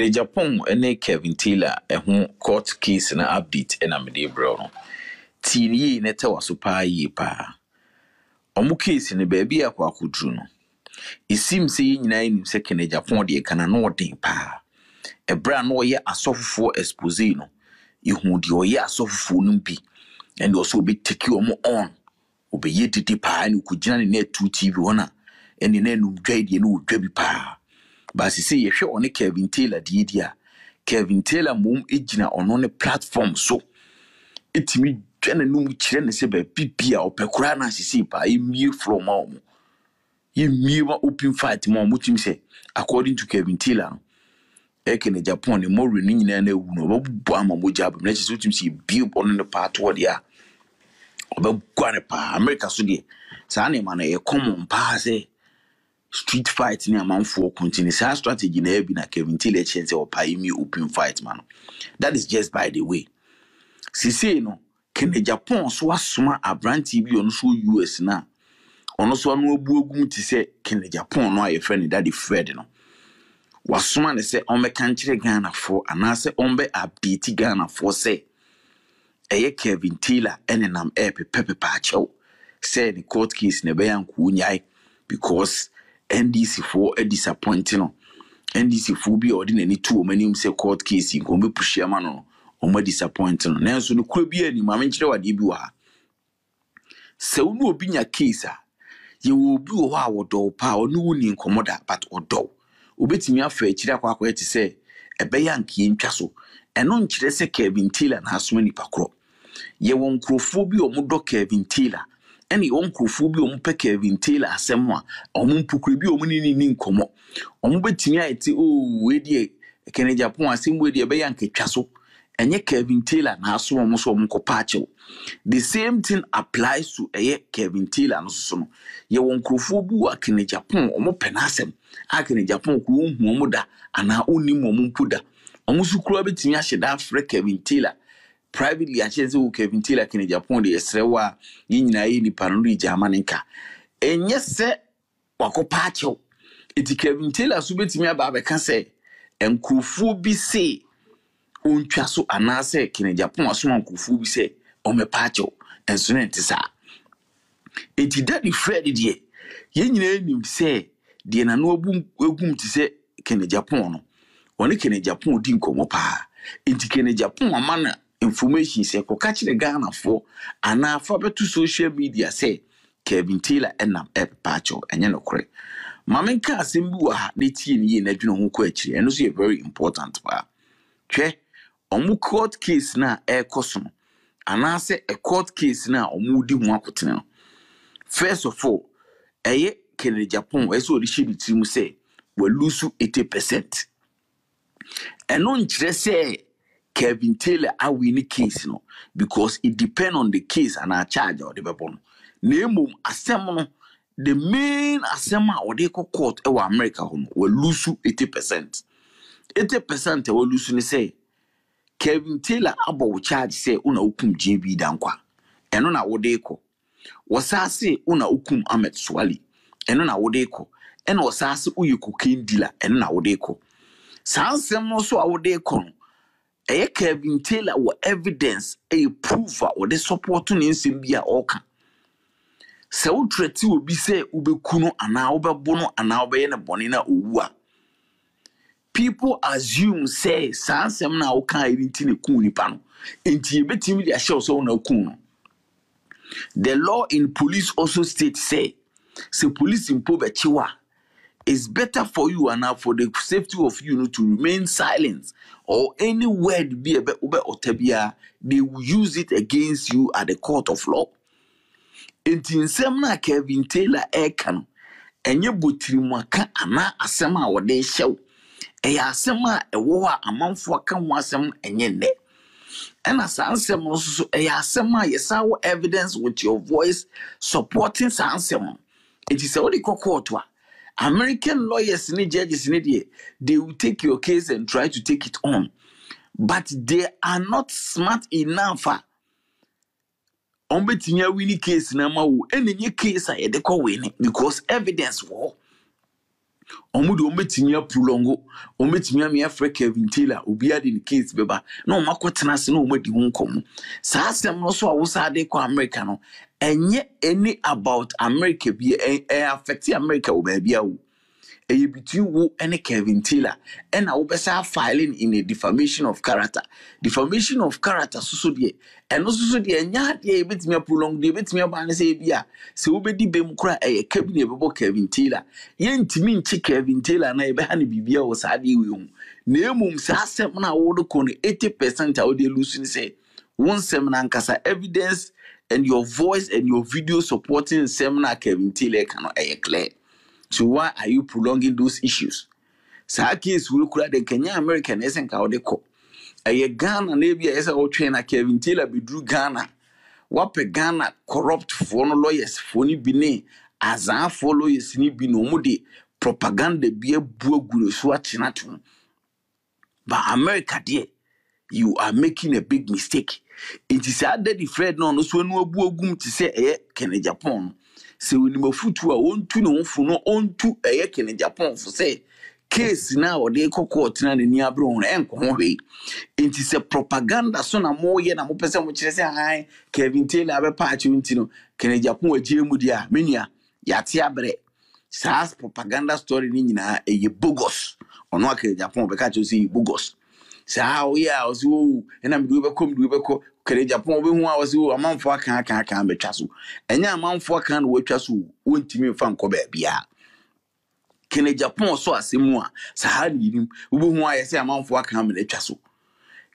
Deja Pong ne Kevin Taylor ɛho court case na update ɛna mede brɛ no tii no yie ne tɛwa so paa yie paa ɔmo case no baabi a akɔ akɔduru no ɛsim sɛ yɛ nyinaa nim sɛ kene japan deɛ kana na ɔden paa ɛberɛ a na ɔyɛ asɔfofoɔ expose no yɛhu deɛ ɔyɛ asɔfofoɔ no bi ɛne ɔsɛ ɔbɛtaki ɔmo on ɔbɛyɛ didi paa ne ɔkɔgyina ne na atu tv hɔ no a ɛne na anumdwa deɛ ne ɔdwa bi paa baasi sɛ yɛhwɛ ɔne kevin taylor deɛ di a kevin taylor mmom gyina ɔno ne platform so ɛtumi dwa n'anum kyerɛ ne sɛ baabi bi a ɔpɛ koraa no asesei paa yɛmmie frɔ ma wɔ mo yɛmmie ma open fight ma wɔ motumi sɛ according to kevin taylor no ɛkɛ ne japan ne mɔre no nyinaa no awu no ɔbɛbɔ ama mogya aba mu na kyerɛ sɛ wotumi sɛ yɛbie ɔno ne paa toɔ deɛ a ɔbɛgua ne paa amerika so deɛ saa nneɛma no yɛ common paa sɛ street fight ni amanfoɔ continue saa strategy na ɛbi na kevin taylor kyɛn sɛ ɔpae mi open fight ma no that is just by the way sisei no kene japan so asoma aberanteɛ bi ɔno so us na ɔno so ano abu egum te sɛ kene japan no a yɛfrɛ ne daddy fred no wasoma ne sɛ ɔmbɛka nkyerɛ ghanafoɔ anaasɛ ɔmbɛ abdeeti ghanafoɔ sɛ ɛyɛ kevin taylor ɛnenam ɛɛpepɛpepɛ akyɛw sɛ ne court case na ɛbɛyɛ ankoonyae because ndc foɔ disappoint no ndc foɔ bi a ɔde n'ani to wɔn anim sɛ court case nkɔn bɛ puhyia ma no wɔn disappoint no nanso no kuro bi a ni maame nkyerɛ wadeɛ bi wɔ ha sɛ wɔn obi nya case a yɛwɔ obi wɔ hɔ a wɔdɔw paa ɔne wɔn ni nkɔmɔ da but ɔdɔw obetumi afɔ akyire akɔ akɔ ɛte sɛ ɛbɛyɛ ankeɛ ntwa so ɛno nkyerɛ sɛ kevin taylor na asoma nipa korɔ yɛwɔ nkurɔfoɔ bi a wɔn dɔ kevin taylor ɛne wɔn nkurɔfoɔ bi a wɔpɛ kevin taylor asɛm a wɔn mpukure bi a wɔn ne ne nkɔmmɔ wɔn bɛtumi ayɛ te ooo oh, ɛdeɛ kennedy japan asɛm wo deɛ ɛbɛyɛ nkatwa so ɛnyɛ kevin taylor na aso wɔn so wɔn kɔ paakyɛw the same thing applies to ɛyɛ kevin taylor no soso no yɛwɔ nkurɔfoɔ bi wɔ kennedy japan wɔn pɛ n'asɛm a kennedy japan kuro ohun wɔn da anaa onim wɔn mpo da wɔn nso kura bɛtumi ahyɛ da afrɛ kevin taylor privately akyɛ sɛ wo kevin taylor kene japan deɛ ɛsrɛ wo a ne nyinaa yɛ nipa no regya ama ne nka ɛnyɛ sɛ wakɔpa akyɛw ɛti kevin taylor so bɛtumi aba abɛka sɛ nkurɔfoɔ bi se ɔntwa so anaasɛ kene japan asoma nkurɔfoɔ bi sɛ ɔmɛpa akyɛw ɛnso ne nte saa ɛti dade fred deɛ yɛn nyinaa nim sɛ deɛ nano agum te sɛ kene japan no ɔne kene japan di nkɔmmɔ paa ɛnti kene japan ama no information sɛ kɔka kyerɛ ghanafoɔ anaa fa bɛto social media sɛ kevin taylor ɛnam ɛpepa akyɛw ɛnyɛ nokorɛ maame nka asɛm bi wɔ ha na tie ne yie n'adwene ho kɔ akyiri ɛno nso yɛ very important paa twɛ ɔmo court case na ɛrekɔ so no anaasɛ a court case na ɔmo di ho akotene no first of all ɛyɛ kennedy japan ɛsɛ ɔde hyɛ ne tirim sɛ wɔalusu eighty percent ɛno nkyerɛ sɛ Kevin Taylor awi ne case no because it depend on the case and our charge a wɔde bɛbɔ no na emom asɛm no the main asɛm a wɔde kɔ court eh, wɔ America hɔ no wɔlusu eighty percent eighty percent a wɔlusu ne sɛ Kevin Taylor abɔ wo charge sɛ una okum JB Dankwa ɛno na wɔde kɔ wɔsaase una okum Ahmed Swali ɛno na wɔde kɔ ɛna wɔsaase oyɛ cocaine dealer ɛno na wɔde kɔ saa nsɛm no so a wɔde kɔ no ɛyɛ kevin taylor wɔ evidence ɛyɛ proof a wɔde support ne nsɛm bi a ɔreka sɛ wotrɛte obi sɛ wobɛku no anaa wobɛbo no anaa wobɛyɛ no bɔne no a ɔwu a people assume sɛ saa nsɛm no a wokaa ɛno nti na ɛku nipa no nti yɛbɛtumi de ahyɛ sɛ wo na no the law in police also state sɛ sɛ police mpo bɛkye a it's better for you and for the safety of you, you know, to remain silent or any word be or otebia they will use it against you at the court of law And in no a kevin taylor ɛreka no ɛnyɛ botirimuaka anaa asɛm a wɔde rehyɛ wo ɛyɛ asɛm a ɛwɔ hɔ a amanfoɔ ka ho can ɛnyɛ And ɛna saa nsɛm no nso so ɛyɛ asɛm a yɛsan wɔ evidence with your voice supporting saa nsɛm no nti sɛ wode kɔ kɔɔto a American lawyers ni judges ni deɛ they will take your case and try to take it on but they are not smart enough a wɔn bɛtumi awi ni case na ama wo ɛna nye case a yɛde kɔ wei because evidence wɔ wɔn de wɔn bɛtumi apulɔngo wɔn bɛtumi amia frɛ Kevin Taylor obiara de ne case bɛba na wɔn akɔtena ase na wɔn adi ho nkɔmɔ saa asɛm no so a de kɔ America no ɛnyɛ any about america bi ɛyɛ e, e afɛte america wɔ baabi awo ɛyɛ e between wo ɛne kevin taylor ɛna wobɛsa filing in a defamation of character defamation of character soso deɛ ɛno soso deɛ ɛnyɛ adeɛ yɛbɛtumi aprolong deɛ yɛbɛtumi aba ne sɛ ebi a sɛ wobɛdi bɛm kora ɛyɛ cabinet ɛbɛbɔ kevin taylor yɛntumi nkye kevin taylor na yɛbɛha no biribia wɔ saa adeɛ wei ho na mmom saa asɛm no a wode kɔ no 80 percent a wode lusu ne sɛ wo nsɛm no ankasa evidence and your voice and your video supporting seminar Kevin Taylor cannot air clear. So why are you prolonging those issues? Saa case wo kura de Kenya America na ɛsɛ nka wɔde kɔ. Ɛyɛ Ghana na ebi a ɛsɛ wɔtwɛn na Kevin Taylor beduru Ghana. what Wapɛ Ghana corruptfoɔ no lɔyɛsfoɔ no bi ne azaafoɔ lɔyɛs no bi no wɔn de propaganda be a agu ne so atenatena. But America dear, you are making a big mistake. nti saa dadi fred no ɔno so ɛnu abu ogum te sɛ ɛyɛ kɛnɛ japan no sɛ onim afutuo a ɔntu ne ho fo no ɔntu ɛyɛ kɛnɛ japan fo sɛ case na ɔde kɔ kɔɔte na n'ani abere wɔn ɛnkɔ ho hwee nti sɛ propaganda so na mɔɔyɛ na mɔpɛ sɛ mɔkyerɛ sɛ han kevin taylor abɛpa nti no kɛnɛ japan agyie mu deɛ a menua yɛate abrɛ saa propaganda story no nyinaa ɛyɛ bogus ɔno akɛnɛ japan ɔbɛka akyɛw sɛ ɛyɛ bogus saa ɔyɛ a ɔsɛ wɔwu wobɛkɔ mede wobɛkɔ kere japan obehu a wɔsi amanfoɔ akan akan akan bɛtwa so ɛnyɛ amanfoɔ akan na wɔatwa so wɔntumi nfa nkɔ baabiara kene japan ɔsɔ asɛm a saa na yɛnim obehu a yɛsɛ amanfoɔ akan na atwa so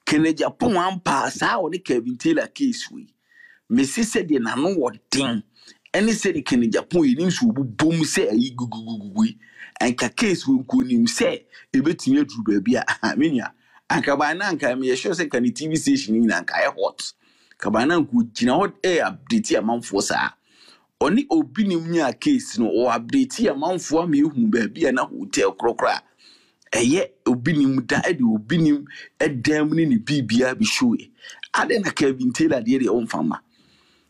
kene japan ampa saa wɔde kevin taylor case wei mesi sɛdeɛ n'ano wɔ den ɛne sɛdeɛ kene japan yɛnim so obubɔ mu sɛ ɛyi gugugugu yi nka case wɔ nkunim sɛ ebetumi aduru baabi a ahamenia anka baa na anka meyɛ sure sɛ nka ne tv station nyina anka ayɛ hot kabaa na anka ogyina hɔ ɛ update amanfoɔ saa ɔne obi ne mu nyaa case no ɔwɔ update amanfoɔ ama ehu baabi a na hotel korɔkorɔ a ɛyɛ obi ne mu da ɛde obi ne mu ɛdan mu ne ne bi show yi adeɛ na kevin taylor deɛ deɛ ɔmfa ma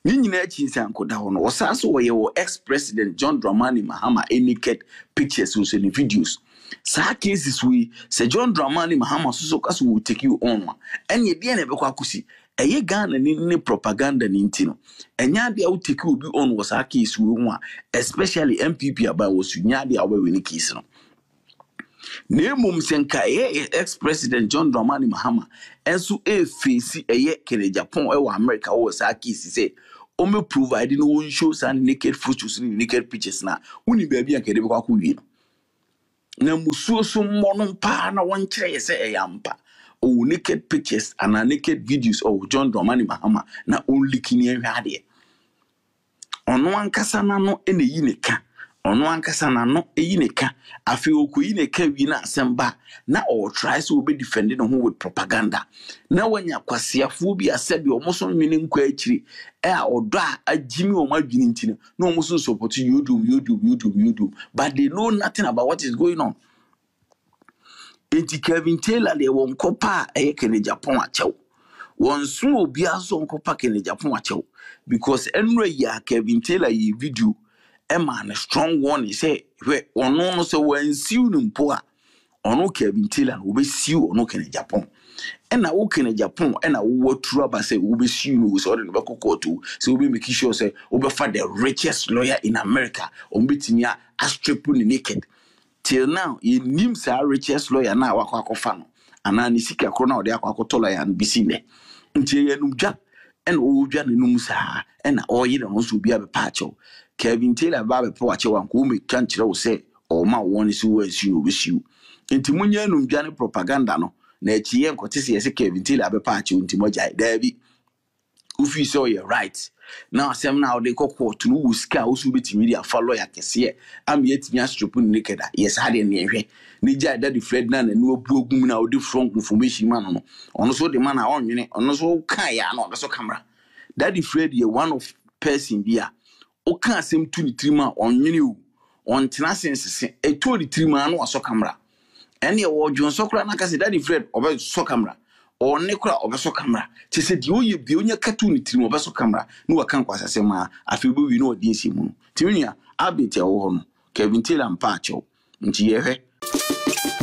ne nyinaa akyi nsa nkɔda hɔ no wɔsaa so wɔyɛ wɔ ex president john dramani mahama naked pictures nso ne videos saa cases wei sɛ john dramani mahama soso kaso wɔ take you on a ɛne ɛdeɛ na ɛbɛkɔ akɔsi ɛyɛ ghana ne ne propaganda ne nti no ɛnyɛ adeɛ a wo obi on wɔ saa case wei ho a especially mpp aba wɔ so nyɛ adeɛ a wɔbɛwɛ ne case no na mmom sɛ nka ɛyɛ ex president john dramani mahama ɛnso ɛfeesi ɛyɛ kenegya Japan ɛwɔ america wɔwɔ saa case sɛ o me provide na ɔnhyo saa ne naked photos ne naked pictures na woni baabi a nkɛde kwa akɔ wie no na musuo so mmɔ no mpaa na wɔnkyerɛ yɛ sɛ ɛyɛ ampa o naked pictures anaa naked videos ɔwɔ john dramani mahama na ɔnliki ne ɛhwɛ adeɛ ɔno ankasa n'ano na ɛyi ne ka ɔno ankasa n'ano eyi ne ka afei okoyi ne ka wi n'asɛm ba na ɔɔtrae sɛ obɛdifɛnde ne ho with propaganda na wanya kwasiafoɔ bi asɛbi ɔmo so nwene nkwa akyiri a ɔdɔ a agyimi wɔn adwene nti no na ɔmo so support yodom yodom yodom yodom but they know nothing about what is going on eti kevin taylor deɛ wɔn kɔpa a ɛyɛ kene japan akyɛw wɔn so obiara so wɔn kɔpa kene japan akyɛw because ɛnura yi a kevin taylor yi video. ɛma no strong warning sɛ hwɛ ɔno no sɛ wansiw no mpo a ɔno ka bintila na wobɛsiw ɔno kene japan ɛna na japan ɛna wowaturu aba sɛ wobɛsiw no sɛ wode no bɛkɔ kɔɔto sɛ wobɛmaki sure sɛ wobɛfa the richest lawyer in america ɔmbɛtumi a astripo ne naked till now yɛnim saa richest lawyer no a wakɔ akɔfa no anaa ne sika korɔ no a akɔ akɔtɔ lawyer no nti saa ɛna kevin taylor ba bɛpɛ wakyɛ wanko wɔmɛtwa nkyerɛ wo sɛ ɔma wɔn si wɔ asi wɔbɛsi wo nti munyɛ anumdwa ne propaganda no na akyi yɛ nkɔte sɛ yɛsɛ kevin taylor bɛpɛ akyɛ wo nti mɔgyae daabi wofii sɛ ɔyɛ right na asɛm no a wode kɔ kɔɔto no wo sika a woso wobɛtumi de afa lɔya kɛseɛ ama yɛatumi astropo no nekada yɛ saa deɛ neɛhwɛ ne gyae dade fred no a nani wabu agu mu no a wode front information ma no no ɔno so wode ma no a ɔnwene ɔno so wokaeɛ a na ɔde so kamera dade fred yɛ one of person bi a woka asɛm tu ne tirim a ɔnwene o ɔntena ase nsese ɛtuo ne tirim a na wasɔ kamera ɛneɛ wɔdwonsɔ koraa na aka sɛ dade fred ɔbɛsɔ kamera ɔne koraa ɔbɛsɔ kamera kyɛ sɛ deɛ ɔyɛ deɛ ɔnya katu ne tirim ɔbɛsɔ kamera na waka nkwasasɛm a afei wobɛwie na ɔde asi mu no tumi nua update a ɛwɔ hɔ no kevin taylor mpa akyɛw nti yɛhwɛ